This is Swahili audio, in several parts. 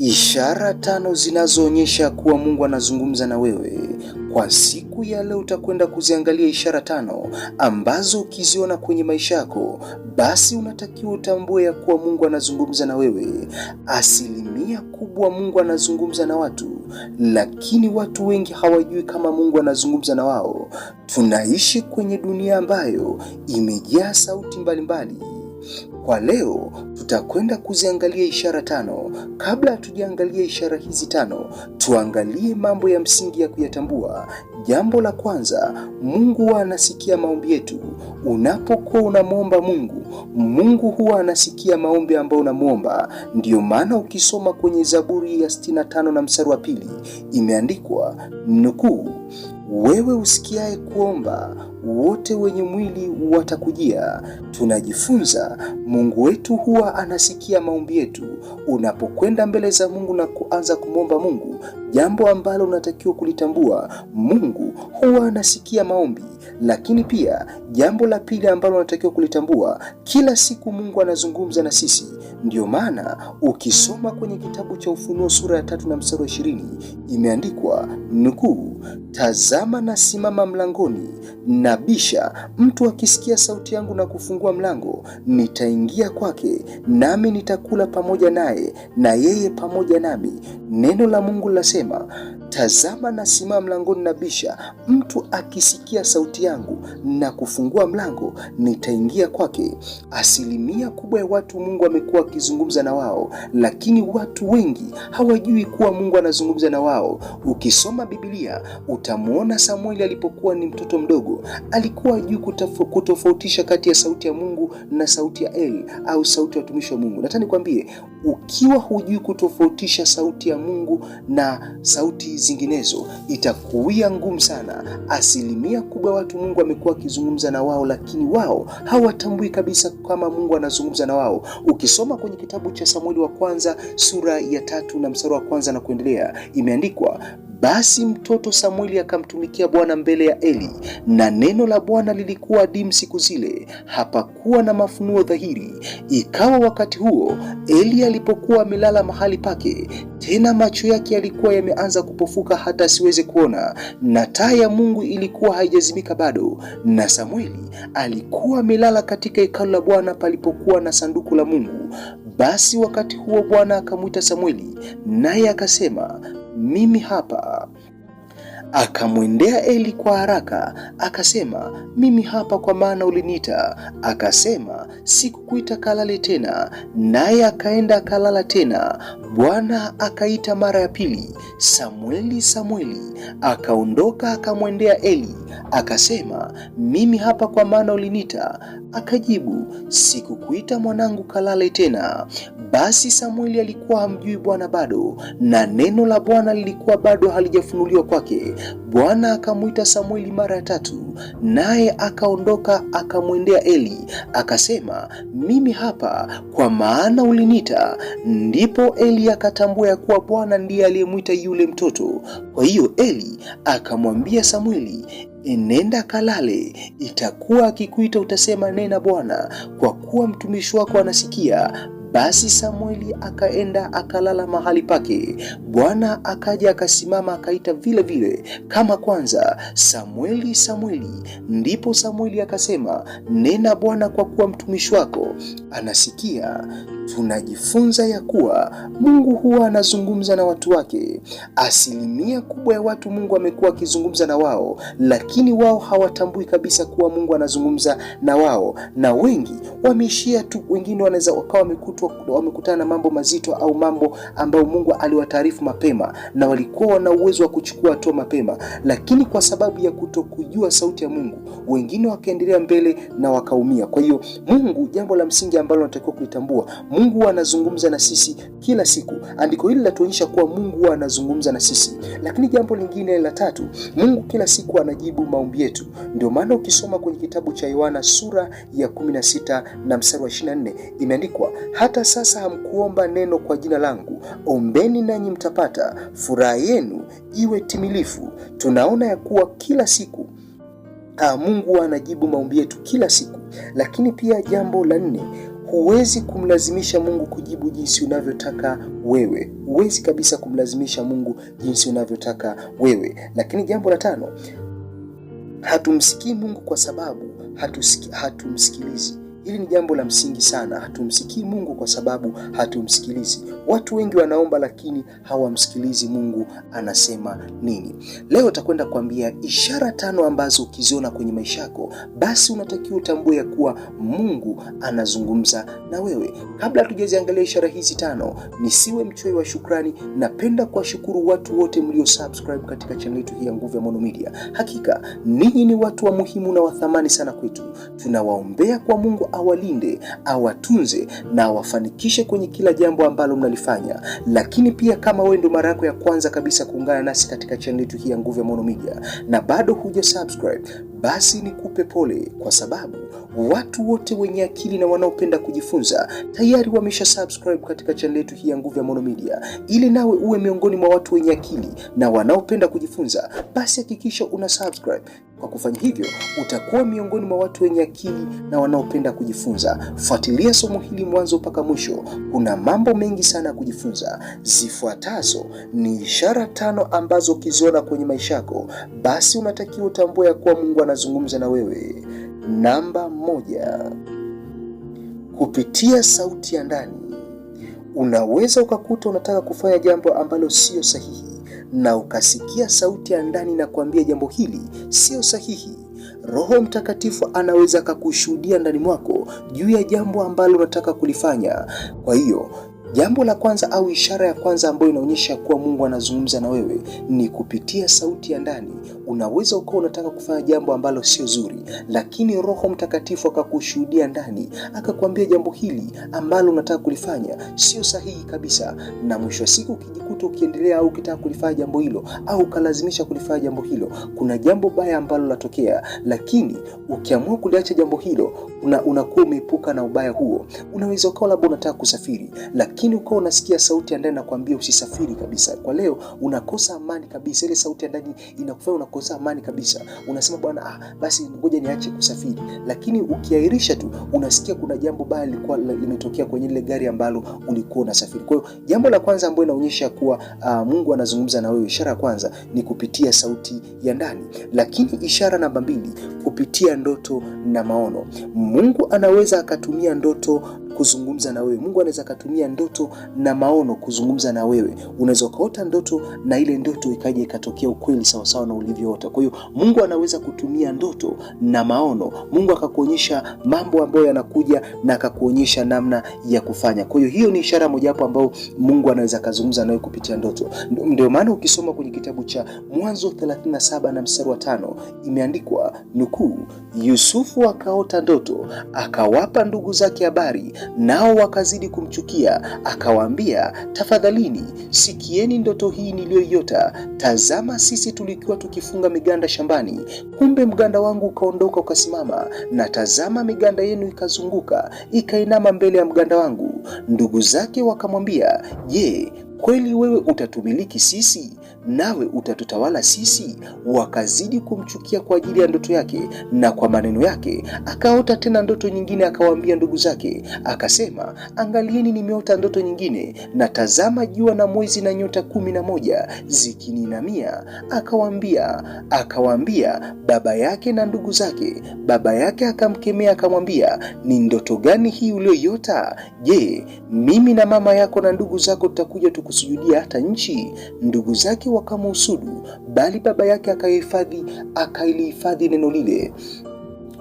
Ishara tano zinazoonyesha kuwa Mungu anazungumza na wewe. Kwa siku ya leo utakwenda kuziangalia ishara tano ambazo ukiziona kwenye maisha yako, basi unatakiwa utambue ya kuwa Mungu anazungumza na wewe. Asilimia kubwa Mungu anazungumza na watu, lakini watu wengi hawajui kama Mungu anazungumza na wao. Tunaishi kwenye dunia ambayo imejaa sauti mbalimbali mbali. Kwa leo tutakwenda kuziangalia ishara tano. Kabla hatujaangalia ishara hizi tano, tuangalie mambo ya msingi ya kuyatambua. Jambo la kwanza, Mungu huwa anasikia maombi yetu. Unapokuwa unamwomba Mungu, Mungu huwa anasikia maombi ambayo unamwomba. Ndiyo maana ukisoma kwenye Zaburi ya 65 na mstari wa pili imeandikwa nukuu wewe usikiaye kuomba, wote wenye mwili watakujia. Tunajifunza Mungu wetu huwa anasikia maombi yetu. Unapokwenda mbele za Mungu na kuanza kumwomba Mungu jambo ambalo unatakiwa kulitambua, Mungu huwa anasikia maombi. Lakini pia jambo la pili ambalo unatakiwa kulitambua, kila siku Mungu anazungumza na sisi. Ndiyo maana ukisoma kwenye kitabu cha Ufunuo sura ya tatu na mstari wa ishirini imeandikwa nukuu, tazama Tazama nasimama mlangoni, na bisha Mtu akisikia sauti yangu na kufungua mlango, nitaingia kwake, nami nitakula pamoja naye na yeye pamoja nami. Neno la Mungu lasema, tazama nasimama mlangoni na bisha Mtu akisikia sauti yangu na kufungua mlango, nitaingia kwake. Asilimia kubwa ya watu Mungu amekuwa akizungumza na wao, lakini watu wengi hawajui kuwa Mungu anazungumza na wao. Ukisoma Biblia utamwona Mbona Samueli alipokuwa ni mtoto mdogo alikuwa juu kutofautisha kati ya sauti ya Mungu na sauti ya Eli au sauti ya watumishi wa Mungu? Nataka nikwambie, ukiwa hujui kutofautisha sauti ya Mungu na sauti zinginezo, itakuwia ngumu sana. Asilimia kubwa watu Mungu amekuwa akizungumza na wao, lakini wao hawatambui kabisa kama Mungu anazungumza na wao. Ukisoma kwenye kitabu cha Samueli wa kwanza sura ya tatu na mstari wa kwanza na kuendelea, imeandikwa basi mtoto Samueli akamtumikia Bwana mbele ya Eli, na neno la Bwana lilikuwa adimu siku zile, hapakuwa na mafunuo dhahiri. Ikawa wakati huo Eli alipokuwa amelala mahali pake, tena macho yake yalikuwa yameanza kupofuka hata asiweze kuona, na taa ya Mungu ilikuwa haijazimika bado, na Samueli alikuwa amelala katika hekalu la Bwana palipokuwa na sanduku la Mungu. Basi wakati huo Bwana akamwita Samueli, naye akasema mimi hapa Akamwendea Eli kwa haraka akasema, mimi hapa, kwa maana uliniita. Akasema, sikukuita kalale tena. Naye akaenda akalala tena. Bwana akaita mara ya pili, Samueli, Samueli. Akaondoka akamwendea Eli akasema, mimi hapa, kwa maana uliniita. Akajibu, sikukuita mwanangu, kalale tena. Basi Samueli alikuwa hamjui Bwana bado, na neno la Bwana lilikuwa bado halijafunuliwa kwake. Bwana akamwita Samueli mara ya tatu, naye akaondoka akamwendea Eli akasema, mimi hapa, kwa maana ulinita Ndipo Eli akatambua ya kuwa Bwana ndiye aliyemwita yule mtoto. Kwa hiyo Eli akamwambia Samueli, Nenda kalale, itakuwa akikuita utasema, nena Bwana, kwa kuwa mtumishi wako anasikia. Basi Samueli akaenda akalala mahali pake. Bwana akaja akasimama akaita vile vile kama kwanza, Samueli, Samueli. Ndipo Samueli akasema, nena Bwana, kwa kuwa mtumishi wako anasikia tunajifunza ya kuwa Mungu huwa anazungumza na watu wake. Asilimia kubwa ya watu Mungu amekuwa akizungumza na wao, lakini wao hawatambui kabisa kuwa Mungu anazungumza na wao, na wengi wameishia tu. Wengine wanaweza wakawa wamekutana na mambo mazito au mambo ambayo Mungu aliwataarifu mapema, na walikuwa wana uwezo wa kuchukua hatua mapema, lakini kwa sababu ya kutokujua sauti ya Mungu, wengine wakaendelea mbele na wakaumia. Kwa hiyo Mungu, jambo la msingi ambalo natakiwa kulitambua Mungu anazungumza na sisi kila siku. Andiko hili latuonyesha kuwa Mungu anazungumza na sisi, lakini jambo lingine la tatu, Mungu kila siku anajibu maombi yetu. Ndio maana ukisoma kwenye kitabu cha Yohana sura ya 16 na mstari wa 24 imeandikwa, hata sasa hamkuomba neno kwa jina langu, ombeni nanyi mtapata, furaha yenu iwe timilifu. Tunaona ya kuwa kila siku ah, Mungu anajibu maombi yetu kila siku, lakini pia jambo la nne Huwezi kumlazimisha Mungu kujibu jinsi unavyotaka wewe, huwezi kabisa kumlazimisha Mungu jinsi unavyotaka wewe. Lakini jambo la tano, hatumsikii Mungu kwa sababu hatusiki, hatumsikilizi Hili ni jambo la msingi sana. Hatumsikii Mungu kwa sababu hatumsikilizi. Watu wengi wanaomba lakini hawamsikilizi Mungu anasema nini. Leo takwenda kuambia ishara tano ambazo ukiziona kwenye maisha yako, basi unatakiwa utambue ya kuwa Mungu anazungumza na wewe. Kabla hatujaziangalia ishara hizi tano, nisiwe mchoyo wa shukrani. Napenda kuwashukuru watu wote mlio subscribe katika channel yetu hii ya Nguvu ya Maono Media. Hakika ninyi ni watu wa muhimu na wa thamani sana kwetu. Tunawaombea kwa Mungu awalinde, awatunze na awafanikishe kwenye kila jambo ambalo mnalifanya. Lakini pia kama wewe ndo mara yako ya kwanza kabisa kuungana nasi katika channel yetu hii ya Nguvu ya Maono Media na bado huja subscribe, basi nikupe pole kwa sababu watu wote wenye akili na wanaopenda kujifunza tayari wamesha subscribe katika channel yetu hii ya Nguvu ya Maono Media. Ili nawe uwe miongoni mwa watu wenye akili na wanaopenda kujifunza, basi hakikisha una subscribe kwa kufanya hivyo, utakuwa miongoni mwa watu wenye akili na wanaopenda kujifunza. Fuatilia somo hili mwanzo mpaka mwisho, kuna mambo mengi sana ya kujifunza. Zifuatazo ni ishara tano ambazo ukiziona kwenye maisha yako, basi unatakiwa utambue ya kuwa Mungu anazungumza na wewe. Namba moja, kupitia sauti ya ndani. Unaweza ukakuta unataka kufanya jambo ambalo sio sahihi na ukasikia sauti ya ndani na kuambia jambo hili sio sahihi, Roho Mtakatifu anaweza akakushuhudia ndani mwako juu ya jambo ambalo unataka kulifanya. Kwa hiyo Jambo la kwanza au ishara ya kwanza ambayo inaonyesha kuwa Mungu anazungumza na wewe ni kupitia sauti ya ndani. Unaweza ukawa unataka kufanya jambo ambalo sio zuri, lakini Roho Mtakatifu akakushuhudia ndani, akakwambia jambo hili ambalo unataka kulifanya sio sahihi kabisa, na mwisho wa siku ukijikuta ukiendelea au ukitaka kulifanya jambo hilo au ukalazimisha kulifanya jambo hilo, kuna jambo baya ambalo latokea, lakini ukiamua kuliacha jambo hilo unakuwa una umeepuka na ubaya huo. Unaweza ukawa labda unataka kusafiri lakini lakini uko unasikia sauti ya ndani nakwambia usisafiri kabisa kwa leo, unakosa amani kabisa. Ile sauti ya ndani inakufanya unakosa amani kabisa, unasema bwana, ah, basi ngoja niache kusafiri. Lakini ukiairisha tu unasikia kuna jambo baya lilikuwa limetokea kwenye ile gari ambalo ulikuwa unasafiri. Kwa hiyo jambo la kwanza ambalo inaonyesha kuwa uh, Mungu anazungumza na wewe, ishara ya kwanza ni kupitia sauti ya ndani, lakini ishara namba mbili kupitia ndoto na maono. Mungu anaweza akatumia ndoto kuzungumza na wewe. Mungu anaweza akatumia ndoto na maono kuzungumza na wewe. Unaweza ukaota ndoto na ile ndoto ikaja ikatokea ukweli sawasawa na ulivyoota. Kwa hiyo Mungu anaweza kutumia ndoto na maono, Mungu akakuonyesha mambo ambayo yanakuja na akakuonyesha namna ya kufanya. Kwa hiyo hiyo ni ishara mojawapo ambayo Mungu anaweza akazungumza nawe kupitia ndoto. Ndio maana ukisoma kwenye kitabu cha Mwanzo 37 na mstari wa tano imeandikwa nukuu, Yusufu akaota ndoto akawapa ndugu zake habari nao wakazidi kumchukia. Akawaambia, tafadhalini sikieni ndoto hii niliyoiota. Tazama, sisi tulikuwa tukifunga miganda shambani, kumbe mganda wangu ukaondoka ukasimama, na tazama miganda yenu ikazunguka ikainama mbele ya mganda wangu. Ndugu zake wakamwambia, je, Kweli wewe utatumiliki sisi, nawe utatutawala sisi? Wakazidi kumchukia kwa ajili ya ndoto yake na kwa maneno yake. Akaota tena ndoto nyingine, akawaambia ndugu zake akasema, angalieni, nimeota ndoto nyingine, na tazama jua na mwezi na nyota kumi na moja zikininamia. Akawaambia akawaambia baba yake na ndugu zake. Baba yake akamkemea akamwambia, ni ndoto gani hii uliyoiota? Je, mimi na mama yako na ndugu zako tutakuja kusujudia hata nchi, ndugu zake wakamuhusudu, bali baba yake akaihifadhi, akailihifadhi neno lile.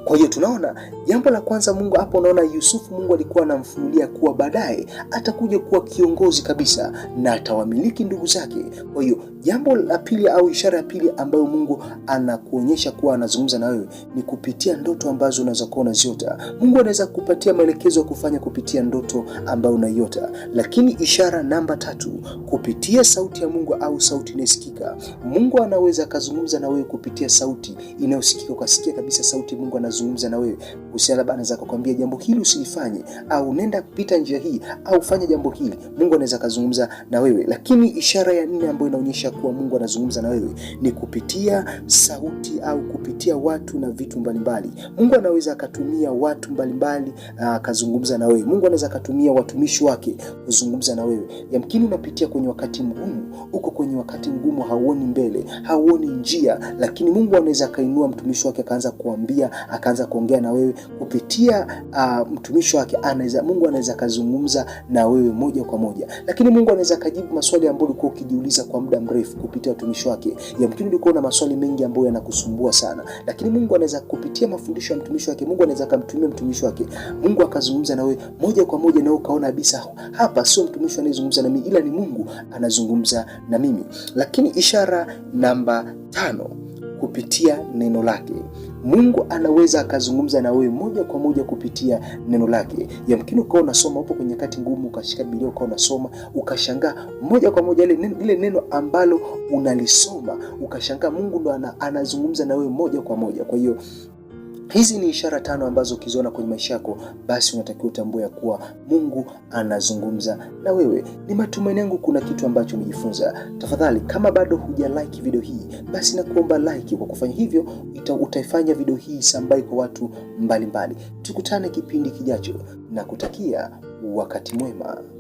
Kwa hiyo tunaona jambo la kwanza, Mungu hapo, unaona Yusufu, Mungu alikuwa anamfunulia kuwa baadaye atakuja kuwa kiongozi kabisa na atawamiliki ndugu zake. Kwa hiyo jambo la pili au ishara ya pili ambayo Mungu anakuonyesha kuwa anazungumza na wewe ni kupitia ndoto ambazo unaweza kuwa unaziota. Mungu anaweza kupatia maelekezo ya kufanya kupitia ndoto ambayo unaiota. Lakini ishara namba tatu, kupitia sauti ya Mungu au sauti inayosikika. Mungu anaweza akazungumza na wewe kupitia sauti inayosikika, ukasikia kabisa sauti Mungu anazungumza anazungumza na wewe kuhusiana, labda anaweza kukwambia jambo hili usilifanye, au nenda kupita njia hii, au fanya jambo hili. Mungu anaweza kuzungumza na wewe, lakini ishara ya nne ambayo inaonyesha kuwa Mungu anazungumza na wewe ni kupitia sauti au kupitia watu na vitu mbalimbali. Mungu anaweza akatumia watu mbalimbali ah, akazungumza mbali, na wewe. Mungu anaweza akatumia watumishi wake kuzungumza na wewe. Yamkini unapitia kwenye wakati mgumu, uko kwenye wakati mgumu, hauoni mbele, hauoni njia, lakini Mungu anaweza akainua mtumishi wake akaanza kuambia aka akaanza kuongea na wewe kupitia uh, mtumishi wake. Anaweza Mungu anaweza akazungumza na wewe moja kwa moja, lakini Mungu anaweza akajibu maswali ambayo ulikuwa ukijiuliza kwa muda mrefu kupitia mtumishi wake. Yamkini ulikuwa na maswali mengi ambayo yanakusumbua sana, lakini Mungu anaweza kupitia mafundisho ya mtumishi wake, Mungu anaweza akamtumia mtumishi wake, Mungu akazungumza na wewe moja kwa moja, na ukaona kabisa hapa sio mtumishi anayezungumza na mimi, ila ni Mungu anazungumza na mimi. Lakini ishara namba tano, kupitia neno lake. Mungu anaweza akazungumza na wewe moja kwa moja kupitia neno lake. Yamkini ukawa unasoma, upo kwenye nyakati ngumu, ukashika Biblia ukawa unasoma, ukashangaa moja kwa moja lile neno ambalo unalisoma, ukashangaa Mungu ndo anazungumza na wewe moja kwa moja. Kwa hiyo Hizi ni ishara tano ambazo ukiziona kwenye maisha yako, basi unatakiwa utambue ya kuwa Mungu anazungumza na wewe. Ni matumaini yangu kuna kitu ambacho umejifunza. Tafadhali, kama bado huja like video hii, basi nakuomba like. Kwa kufanya hivyo, utaifanya video hii sambai kwa watu mbalimbali mbali. Tukutane kipindi kijacho na kutakia wakati mwema.